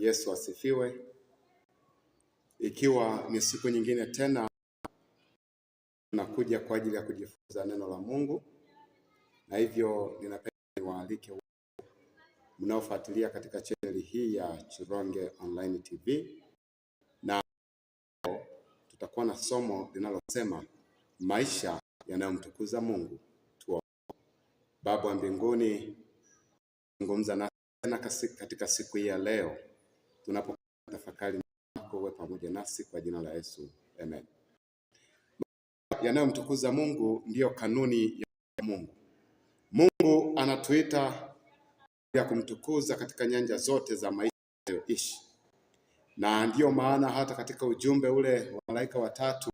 Yesu asifiwe. Ikiwa ni siku nyingine tena nakuja kwa ajili ya kujifunza neno la Mungu, na hivyo ninapenda niwaalike mnaofuatilia katika chaneli hii ya Chironge Online TV, na tutakuwa na somo linalosema maisha yanayomtukuza Mungu. Tuombe. Baba wa mbinguni, zungumza nasi tena katika siku hii ya leo tunapotafakari tafakari yako uwe pamoja nasi kwa jina la Yesu Amen. Yanayomtukuza Mungu ndiyo kanuni ya Mungu. Mungu anatuita ya kumtukuza katika nyanja zote za maisha tunayoishi, na ndiyo maana hata katika ujumbe ule wa malaika watatu,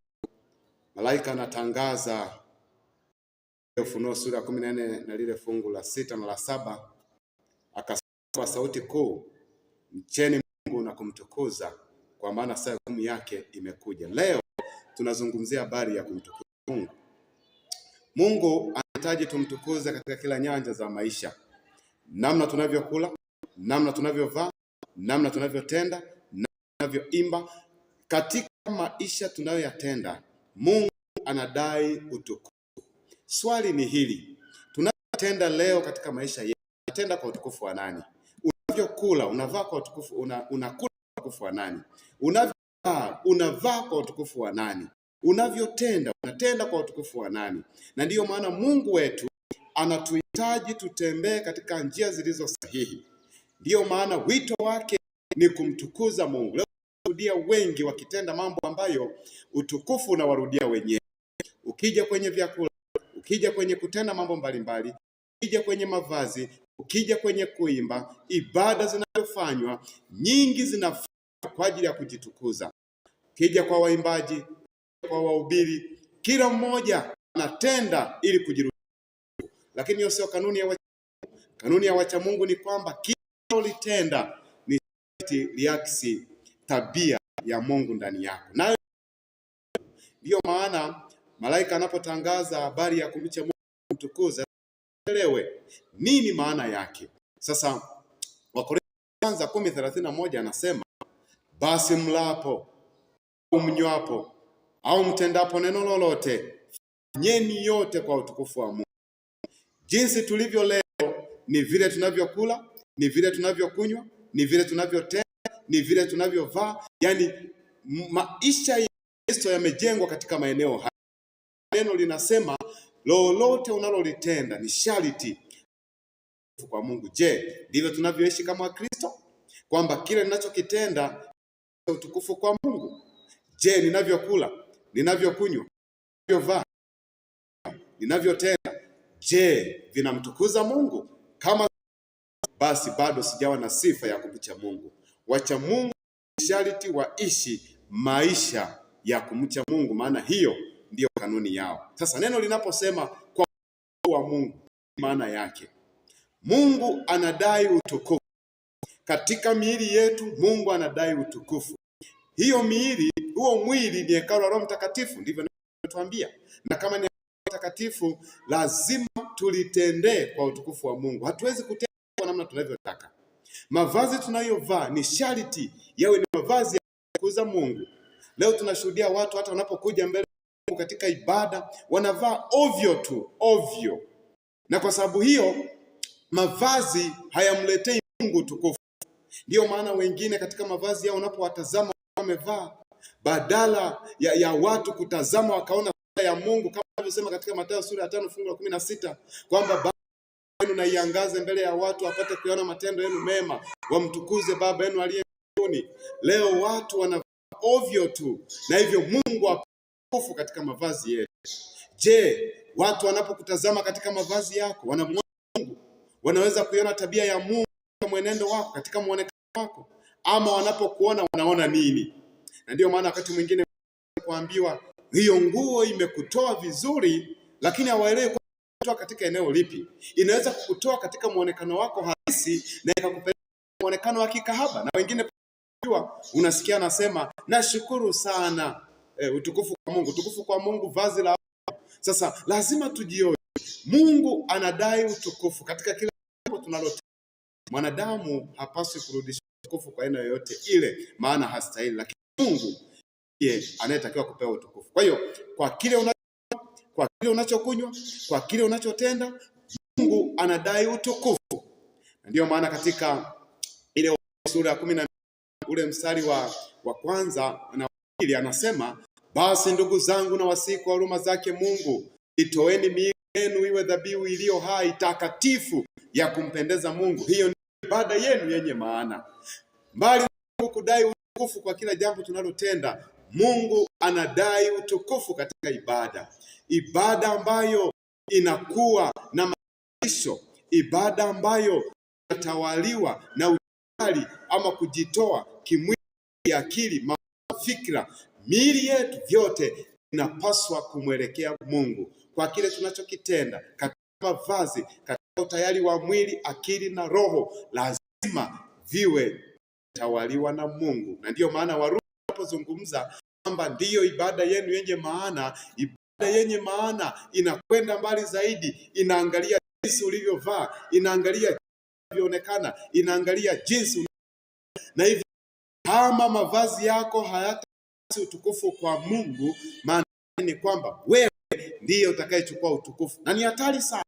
malaika anatangaza Ufunuo sura ya kumi na nne na lile fungu la sita na la saba, akasema kwa sauti kuu, mcheni kumtukuza, kwa maana saa kumi yake imekuja. Leo tunazungumzia habari ya kumtukuza Mungu. Mungu anahitaji tumtukuze katika kila nyanja za maisha, namna tunavyokula, namna tunavyovaa, namna tunavyotenda, namna tunavyoimba, katika maisha tunayoyatenda. Mungu anadai utukufu. Swali ni hili, tunatenda leo katika maisha yetu, tunatenda kwa utukufu wa nani? Unavyokula, unavaa kwa utukufu, unakula utukufu wa nani? Unavyovaa unavaa kwa utukufu wa nani? Unavyotenda unatenda kwa utukufu wa nani? Na ndiyo maana Mungu wetu anatuhitaji tutembee katika njia zilizo sahihi. Ndiyo maana wito wake ni kumtukuza Mungu. Leo wengi wakitenda mambo ambayo utukufu unawarudia wenyewe. Ukija kwenye vyakula, ukija kwenye kutenda mambo mbalimbali, ukija kwenye mavazi, ukija kwenye kuimba, ibada zinazofanywa nyingi zinafanywa kwa ajili ya kujitukuza. Kija kwa waimbaji, kwa wahubiri, kila mmoja anatenda ili kujirudia, lakini hiyo sio kanuni ya wachamungu. Kanuni ya Mungu ni kwamba kila ulitenda ni liaksi tabia ya Mungu ndani yako, nayo ndiyo maana malaika anapotangaza habari ya kumcha Mungu kumtukuza, elewe nini maana yake. Sasa Wakorintho kwanza kumi thelathini na moja anasema basi mlapo au mnywapo au mtendapo neno lolote, fanyeni yote kwa utukufu wa Mungu. Jinsi tulivyo leo ni vile tunavyokula, ni vile tunavyokunywa, ni vile tunavyotenda, ni vile tunavyovaa. Yaani maisha ya Kristo yamejengwa katika maeneo haya. Neno linasema lolote unalolitenda ni sharti kwa Mungu. Je, ndivyo tunavyoishi kama Wakristo, kwamba kile ninachokitenda utukufu kwa Mungu. Je, ninavyokula, ninavyokunywa, ninavyovaa, ninavyotenda, je, vinamtukuza Mungu? Kama basi, bado sijawa na sifa ya kumcha Mungu. Wacha Mungu sharti waishi maisha ya kumcha Mungu, maana hiyo ndiyo kanuni yao. Sasa neno linaposema kwa wa Mungu, maana yake Mungu anadai utukufu katika miili yetu. Mungu anadai utukufu hiyo miili, huo mwili ni hekalu la Roho Mtakatifu, ndivyo natuambia, na kama ni mtakatifu lazima tulitendee kwa utukufu wa Mungu. Hatuwezi kutenda kwa namna tunavyotaka. Mavazi tunayovaa ni sharti yawe ni mavazi ya kuza Mungu. Leo tunashuhudia watu hata wanapokuja mbele katika ibada wanavaa ovyo tu ovyo, na kwa sababu hiyo mavazi hayamletei Mungu tukufu. Ndiyo maana wengine katika mavazi yao unapowatazama wamevaa, badala ya, ya watu kutazama wakaona ya Mungu kama alivyosema katika Mathayo sura ya tano fungu la kumi na sita kwamba yenu naiangaze mbele ya watu wapate kuyaona matendo yenu mema, wamtukuze Baba yenu aliye mbinguni. Leo watu wanavaa ovyo tu, na hivyo Mungu apofu katika mavazi yetu. Je, watu wanapokutazama katika mavazi yako wanamwona Mungu? Wanaweza kuiona tabia ya Mungu katika mwenendo wako, katika muonekano wako? ama wanapokuona wanaona nini. Na ndio maana wakati mwingine kuambiwa hiyo nguo imekutoa vizuri, lakini hawaelewi katika eneo lipi. Inaweza kukutoa katika mwonekano wako halisi na ikakupeleka mwonekano wa kikahaba, na wengine unasikia anasema nashukuru sana e, utukufu kwa Mungu, utukufu kwa Mungu, vazi la sasa. Lazima tujioe, Mungu anadai utukufu katika kila jambo tunalotenda. Mwanadamu hapaswi kurudisha utukufu kwa aina yoyote ile, maana hastahili, lakini Mungu ndiye anayetakiwa kupewa utukufu. Kwa hiyo kwa kile una kwa kile unachokunywa, kwa kile unachotenda, Mungu anadai utukufu. Ndiyo maana katika ile sura ya kumi na ule mstari wa, wa kwanza na pili anasema, basi ndugu zangu, na wasihi kwa huruma zake Mungu, itoeni miili yenu iwe dhabihu iliyo hai takatifu ya kumpendeza Mungu, hiyo ibada yenu yenye maana. Mbali na kudai utukufu kwa kila jambo tunalotenda, Mungu anadai utukufu katika ibada, ibada ambayo inakuwa na maisho ibada ambayo inatawaliwa na ujali ama kujitoa kimwili, akili, mafikra, miili yetu, vyote inapaswa kumwelekea Mungu kwa kile tunachokitenda katika mavazi, katika utayari wa mwili, akili na roho lazima viwe tawaliwa na Mungu, na ndiyo maana Warumi wanapozungumza kwamba ndiyo ibada yenu yenye maana. Ibada yenye maana inakwenda mbali zaidi, inaangalia jinsi ulivyovaa, inaangalia vinavyoonekana, inaangalia jinsi na hivyo, Kama mavazi yako hayata utukufu kwa Mungu, maana ni kwamba wewe ndiyo utakayechukua utukufu, na ni hatari sana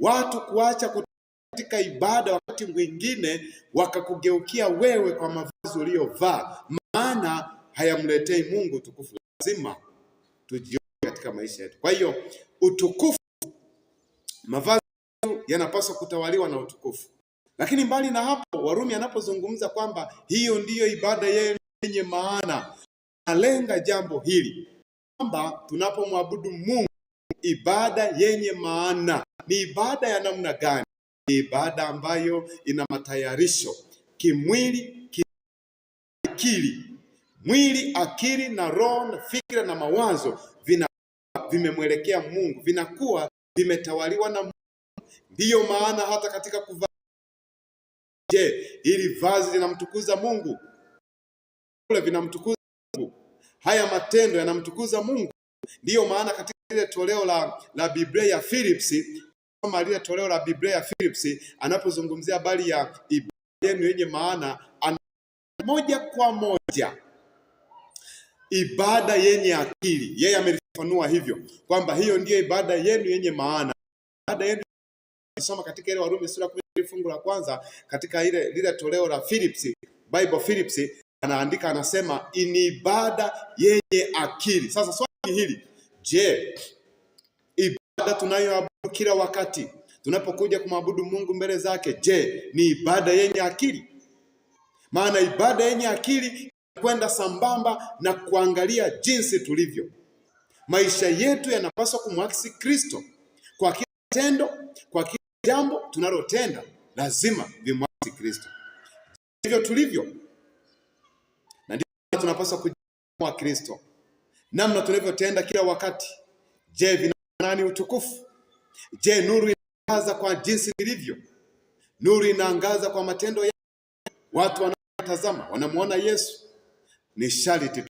watu kuacha katika ibada, wakati mwingine wakakugeukia wewe kwa mavazi uliyovaa, maana hayamletei Mungu utukufu. Lazima tujione katika maisha yetu. Kwa hiyo utukufu, mavazi yanapaswa kutawaliwa na utukufu. Lakini mbali na hapo, Warumi anapozungumza kwamba hiyo ndiyo ibada yenye maana, analenga jambo hili kwamba tunapomwabudu Mungu ibada yenye maana ni ibada ya namna gani? Ni ibada ambayo ina matayarisho kimwili, kiakili. Mwili, akili na roho na fikra na mawazo vina vimemwelekea Mungu, vinakuwa vimetawaliwa na Mungu. Ndiyo maana hata katika kuvaa, je, ili vazi linamtukuza Mungu? Kule vinamtukuza Mungu, haya matendo yanamtukuza Mungu. Ndiyo maana katika ile toleo la, la Biblia ya Philips lile toleo la Biblia ya Phillips anapozungumzia habari ya ibada yenye maana, an... moja kwa moja ibada yenye akili. Yeye amelifafanua hivyo kwamba hiyo ndiyo ibada yenu yenye maana. Ibada yenu soma katika ile Warumi sura 10 fungu la kwanza, katika ile lile toleo la Phillips Bible Phillips anaandika anasema, ni ibada yenye akili. Sasa swali hili, je, ibada tunayo kila wakati tunapokuja kumwabudu Mungu mbele zake. Je, ni ibada yenye akili? Maana ibada yenye akili kwenda sambamba na kuangalia jinsi tulivyo. Maisha yetu yanapaswa kumwakisi Kristo kwa kila tendo, kwa kila jambo tunalotenda lazima vimwakisi Kristo, hivyo tulivyo. Na ndio tunapaswa kujua Kristo, namna tunavyotenda kila wakati. Je, vina utukufu Je, nuru inaangaza kwa jinsi ilivyo? Nuru inaangaza kwa matendo yake. Watu wanatazama wanamwona Yesu. Ni sharti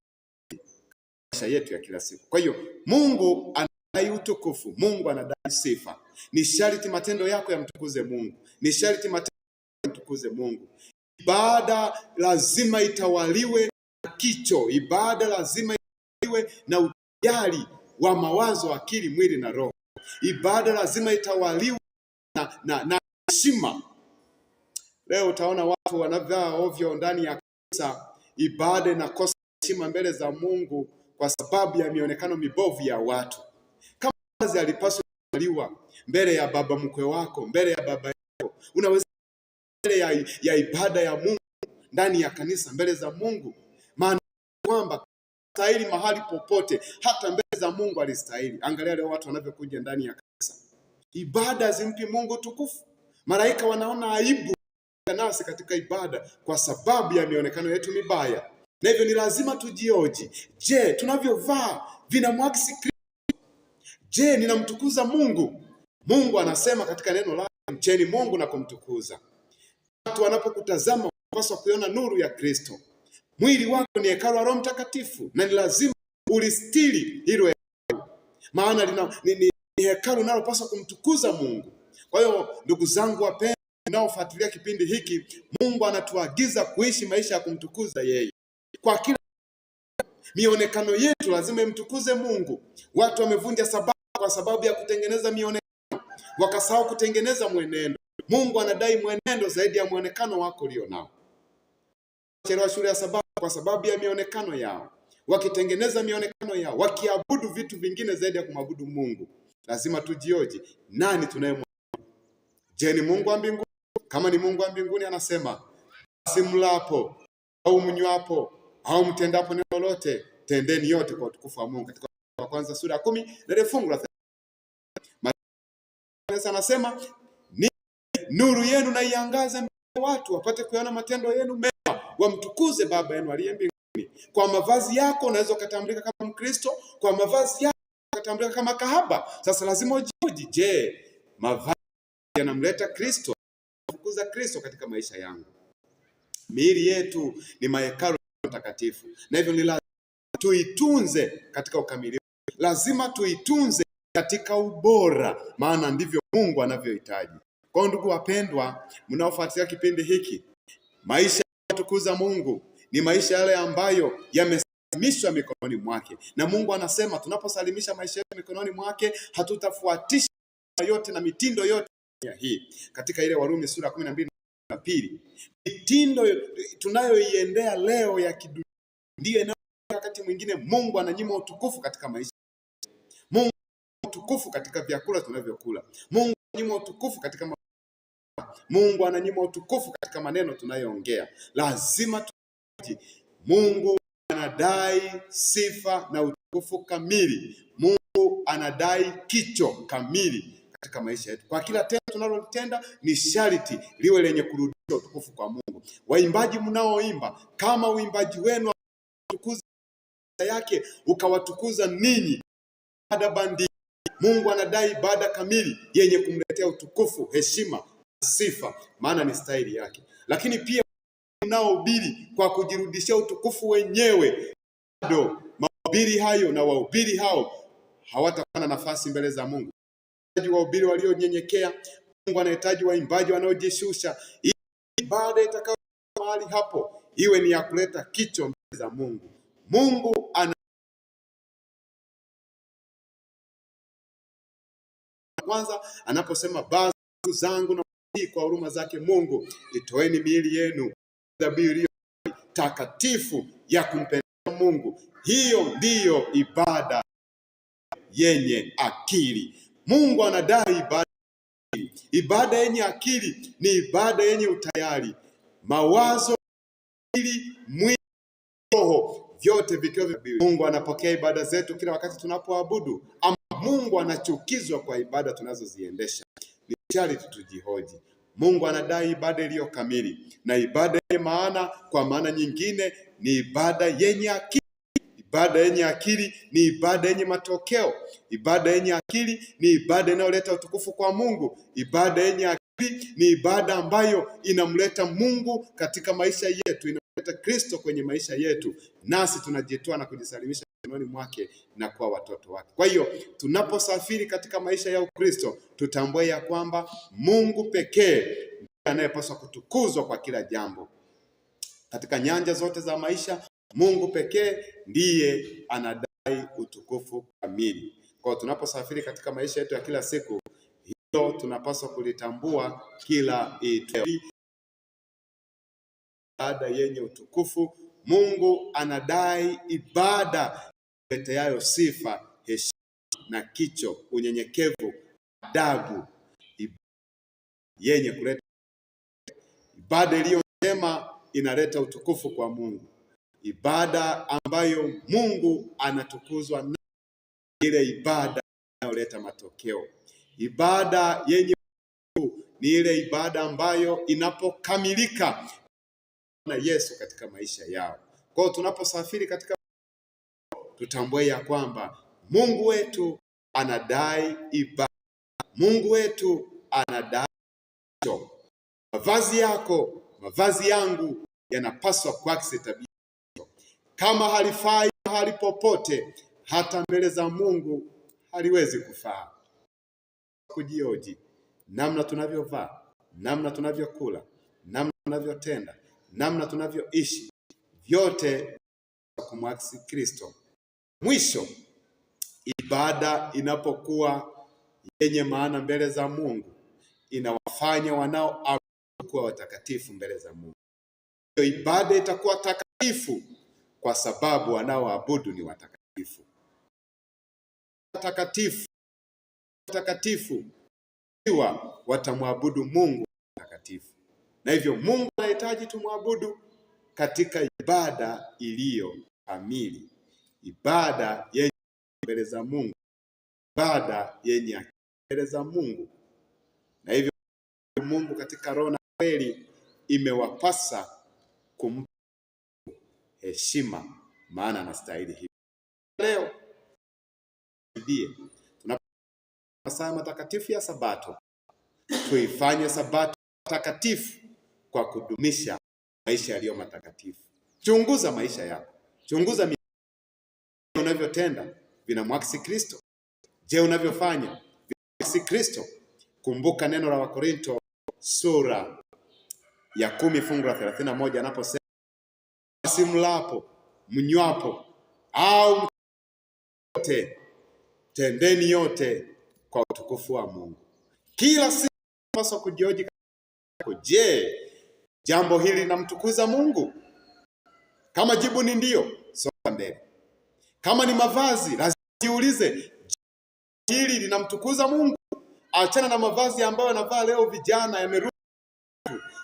maisha yetu ya kila siku. Kwa hiyo Mungu anadai utukufu, Mungu anadai sifa. Ni sharti matendo yako yamtukuze Mungu, ni sharti matendo yamtukuze Mungu. Ibada lazima itawaliwe na kicho, ibada lazima itawaliwe na utayari wa mawazo, akili, mwili na roho. Ibada lazima itawaliwe na heshima na, Leo utaona watu wanavaa ovyo ndani ya kanisa, ibada inakosa heshima mbele za Mungu kwa sababu ya mionekano mibovu ya watu. Kama kazi alipaswa kuliwa mbele ya baba mkwe wako, mbele ya baba yako, unaweza mbele ya, ya ibada ya Mungu ndani ya kanisa, mbele za Mungu, maana kwamba stahili mahali popote, hata mbele za Mungu alistahili. Angalia leo watu wanavyokuja ndani ya kanisa, ibada zimpi Mungu tukufu. Malaika wanaona aibu nasi katika ibada kwa sababu ya mionekano yetu mibaya, na hivyo ni lazima tujioji. Je, tunavyovaa vinamwakisi Kristo? Je, ninamtukuza Mungu? Mungu anasema katika neno lake, mcheni Mungu na kumtukuza. Watu wanapokutazama wanapaswa kuiona nuru ya Kristo. Mwili wako ni hekalu la Roho Mtakatifu na ni lazima ulistiri hilo hekalu, maana lina, ni, ni, ni hekalu linalopaswa kumtukuza Mungu. Kwa hiyo ndugu zangu wapendwa, mnaofuatilia kipindi hiki, Mungu anatuagiza kuishi maisha ya kumtukuza yeye kwa kila mionekano yetu lazima imtukuze Mungu. Watu wamevunja sabato kwa sababu ya kutengeneza mionekano, wakasahau kutengeneza mwenendo. Mungu anadai mwenendo zaidi ya mwonekano wako ulio nao. Chelewa shule ya sabato kwa sababu ya mionekano yao, wakitengeneza mionekano yao, wakiabudu vitu vingine zaidi ya kumwabudu Mungu. Lazima tujioji nani tunayemwabudu. Je, ni Mungu wa mbinguni? Kama ni Mungu wa mbinguni, anasema basi, mlapo au mnywapo au mtendapo neno lolote, tendeni yote kwa utukufu wa Mungu, katika kwanza sura ya kumi na fungu la anasema, nuru yenu na iangaze mbele watu wapate kuyaona matendo yenu mema wamtukuze Baba yenu aliye mbinguni. Kwa mavazi yako unaweza ukatambulika kama Mkristo, kwa mavazi yako ukatambulika kama kahaba. Sasa lazima ujiuji, je, mavazi yanamleta Kristo, kukuza Kristo katika maisha yangu? Miili yetu ni mahekalu takatifu na hivyo ni lazima tuitunze katika ukamilifu, lazima tuitunze katika ubora, maana ndivyo Mungu anavyohitaji. Kwa ndugu wapendwa, mnaofuatilia kipindi hiki maisha tukuza Mungu ni maisha yale ambayo yamesalimishwa mikononi mwake, na Mungu anasema tunaposalimisha maisha yetu mikononi mwake hatutafuatisha yote na mitindo yote ya hii, katika ile Warumi sura kumi na mbili na pili, mitindo tunayoiendea leo ya kidunia ndiyo wakati mwingine Mungu ananyima utukufu katika maisha. Mungu utukufu katika vyakula tunavyokula. Mungu ananyima utukufu katika Mungu ananyima utukufu katika maneno tunayoongea. Lazima tu Mungu anadai sifa na utukufu kamili. Mungu anadai kicho kamili katika maisha yetu. Kwa kila tendo tunalotenda ni sharti liwe lenye kurudisha utukufu kwa Mungu. Waimbaji mnaoimba, kama uimbaji wenu utukuza yake ukawatukuza ninyi baada bandi, Mungu anadai ibada kamili yenye kumletea utukufu, heshima sifa, maana ni staili yake. Lakini pia mnaohubiri kwa kujirudishia utukufu wenyewe, bado mahubiri hayo na wahubiri hao hawatakuwa na nafasi mbele za Mungu. Wahubiri walionyenyekea, Mungu anahitaji waimbaji wanaojishusha, ili baada itakayo mahali hapo iwe ni ya kuleta kicho mbele za Mungu. Mungu ana kwanza anaposema basi zangu na hii kwa huruma zake Mungu, itoeni miili yenu dhabihu iliyo takatifu ya kumpendeza Mungu. Hiyo ndiyo ibada yenye akili. Mungu anadai ibada. Ibada yenye akili ni ibada yenye utayari, mawazo, akili, mwili, roho, vyote vikiwa. Mungu anapokea ibada zetu kila wakati tunapoabudu, ama Mungu anachukizwa kwa ibada tunazoziendesha charity tujihoji. Mungu anadai ibada iliyo kamili na ibada yenye maana. Kwa maana nyingine ni ibada yenye akili. Ibada yenye akili ni ibada yenye matokeo. Ibada yenye akili ni ibada inayoleta utukufu kwa Mungu. Ibada yenye akili ni ibada ambayo inamleta Mungu katika maisha yetu, inamleta Kristo kwenye maisha yetu, nasi tunajitoa na kujisalimisha mikononi mwake na kuwa watoto wake. Kwa hiyo tunaposafiri katika maisha ya Ukristo, tutambue ya kwamba Mungu pekee anayepaswa kutukuzwa kwa kila jambo katika nyanja zote za maisha. Mungu pekee ndiye anadai utukufu kamili. Kwa hiyo tunaposafiri katika maisha yetu ya kila siku, hilo tunapaswa kulitambua kila itwapo ibada yenye utukufu. Mungu anadai ibada leteayo sifa, heshima na kicho, unyenyekevu, adabu, yenye kuleta ibada iliyo njema inaleta utukufu kwa Mungu. Ibada ambayo Mungu anatukuzwa na ile ibada inayoleta matokeo. Ibada yenye ni ile ibada ambayo inapokamilika na Yesu katika maisha yao. Kwa hiyo tunaposafiri katika tutambue ya kwamba Mungu wetu anadai ibada, Mungu wetu anadai so. Mavazi yako mavazi yangu yanapaswa kuakisi tabia hiyo. Kama halifai mahali popote, hata mbele za Mungu haliwezi kufaa. Kujioji namna tunavyovaa, namna tunavyokula, namna tunavyotenda, namna tunavyoishi, vyote kumwakisi Kristo. Mwisho, ibada inapokuwa yenye maana mbele za Mungu inawafanya wanaoabudu kuwa watakatifu mbele za Mungu. Hiyo ibada itakuwa takatifu kwa sababu wanaoabudu ni watakatifu. Watakatifu watakatifu iwa watamwabudu Mungu mtakatifu, na hivyo Mungu anahitaji tumwabudu katika ibada iliyo kamili ibada yenye mbele za Mungu, ibada yenye mbele za Mungu. Na hivyo Mungu katika roho na kweli, imewapasa kumpa heshima, maana anastahili hivi. Leo masaa matakatifu ya Sabato, tuifanye Sabato takatifu kwa kudumisha maisha yaliyo matakatifu. Chunguza maisha yako, chunguza unavyotenda vinamwakisi Kristo? Je, unavyofanya vinamwakisi Kristo? Kumbuka neno la Wakorinto sura ya kumi fungu la 31 anaposema basi mlapo, mnywapo au yote tendeni yote kwa utukufu wa Mungu. Kila siku tunapaswa kujihoji, je, jambo hili linamtukuza Mungu? Kama jibu ni ndio, soma mbele. Kama ni mavazi, lazima jiulize, hili linamtukuza Mungu? Achana na mavazi ambayo anavaa leo vijana, yamerudi.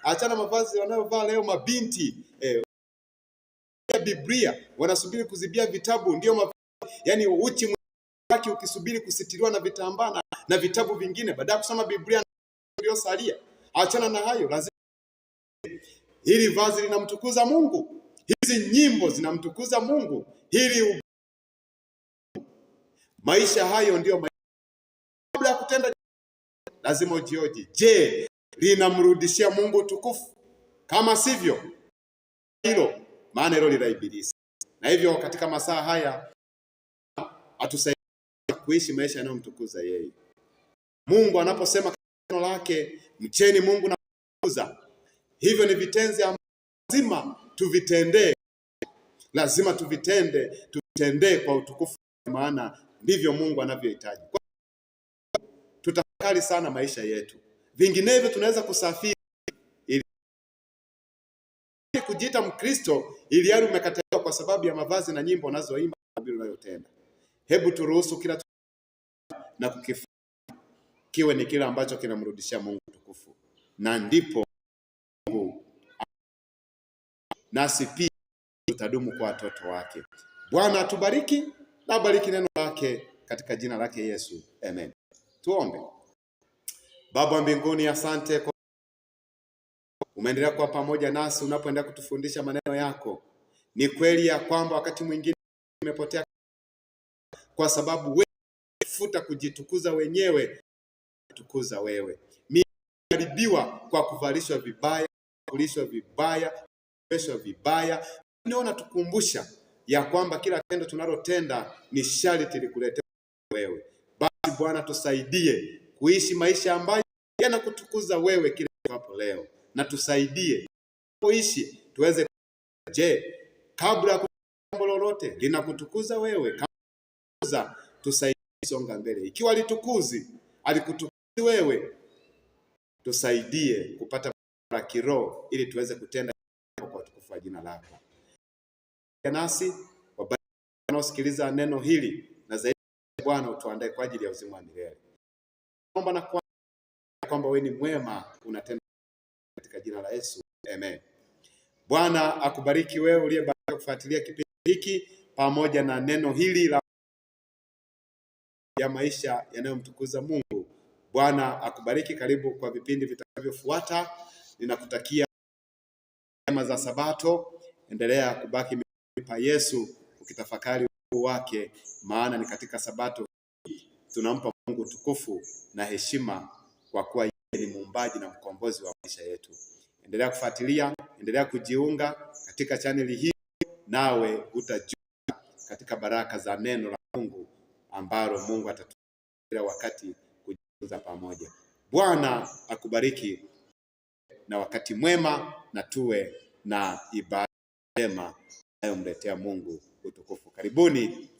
Achana mavazi wanayovaa leo mabinti eh, Biblia wanasubiri kuzibia vitabu, ndio mavazi yani uchi mwaki ukisubiri kusitiriwa na vitambaa na, na vitabu vingine, baada ya kusoma Biblia ndio salia. Achana na hayo, lazima hili vazi linamtukuza Mungu, hizi nyimbo zinamtukuza Mungu, hili Maisha hayo ndiyo Kabla ya kutenda lazima ujioje, je, linamrudishia Mungu utukufu? Kama sivyo, hilo maana hilo ni la Ibilisi. Na hivyo katika masaa haya atusaidie kuishi maisha yanayomtukuza yeye. Mungu anaposema neno lake, mcheni Mungu na kumtukuza, hivyo ni vitenzi ambavyo lazima tuvitendee, lazima tuvitende, tuvitendee kwa utukufu, maana ndivyo Mungu anavyohitaji. Tutafakari sana maisha yetu, vinginevyo tunaweza kusafiri ili kujiita Mkristo ili yale yaani umekataliwa kwa sababu ya mavazi na nyimbo unazoimba na bila unayotenda. Hebu turuhusu kila na kukifanya kiwe ni kile ambacho kinamrudishia Mungu tukufu, na ndipo Mungu nasi pia tutadumu kwa watoto wake. Bwana atubariki na bariki neno lake katika jina lake Yesu, amen. Tuombe. Baba wa mbinguni, asante kwa umeendelea kuwa pamoja nasi unapoendelea kutufundisha maneno yako. Ni kweli ya kwamba wakati mwingine imepotea kwa sababu wewe futa kujitukuza wenyewe kutukuza wewe. Mimi kwa kuvalishwa vibaya, kulishwa vibaya, kulishwa vibaya. Niona tukumbusha ya kwamba kila tendo tunalotenda ni sharti likuletea wewe. Basi Bwana, tusaidie kuishi maisha ambayo yanakutukuza wewe kila hapo leo, na tusaidie kuishi tuweze. Je, kabla ya jambo lolote linakutukuza wewe, kabla tusaidie songa mbele. Ikiwa litukuzi alikutukuzi wewe, tusaidie kupata kiroho ili tuweze kutenda kwa wa jina lako nasi wabariki wanaosikiliza neno hili na zaidi Bwana utuandae kwa ajili ya uzima wa milele. Naomba na kwamba wewe ni mwema, unatenda katika jina la Yesu. Amen. Bwana akubariki wewe uliyebariki kufuatilia kipindi hiki pamoja na neno hili la ya maisha yanayomtukuza Mungu. Bwana akubariki. Karibu kwa vipindi vitakavyofuata. Ninakutakia neema za Sabato. Endelea kubaki pa Yesu ukitafakari ukuu wake, maana ni katika sabato tunampa Mungu tukufu na heshima kwa kuwa yeye ni muumbaji na mkombozi wa maisha yetu. Endelea kufuatilia, endelea kujiunga katika chaneli hii, nawe utajua katika baraka za neno la Mungu ambalo Mungu atatupa wakati kujifunza pamoja. Bwana akubariki na wakati mwema, na tuwe na ibada njema mletea Mungu utukufu. Karibuni.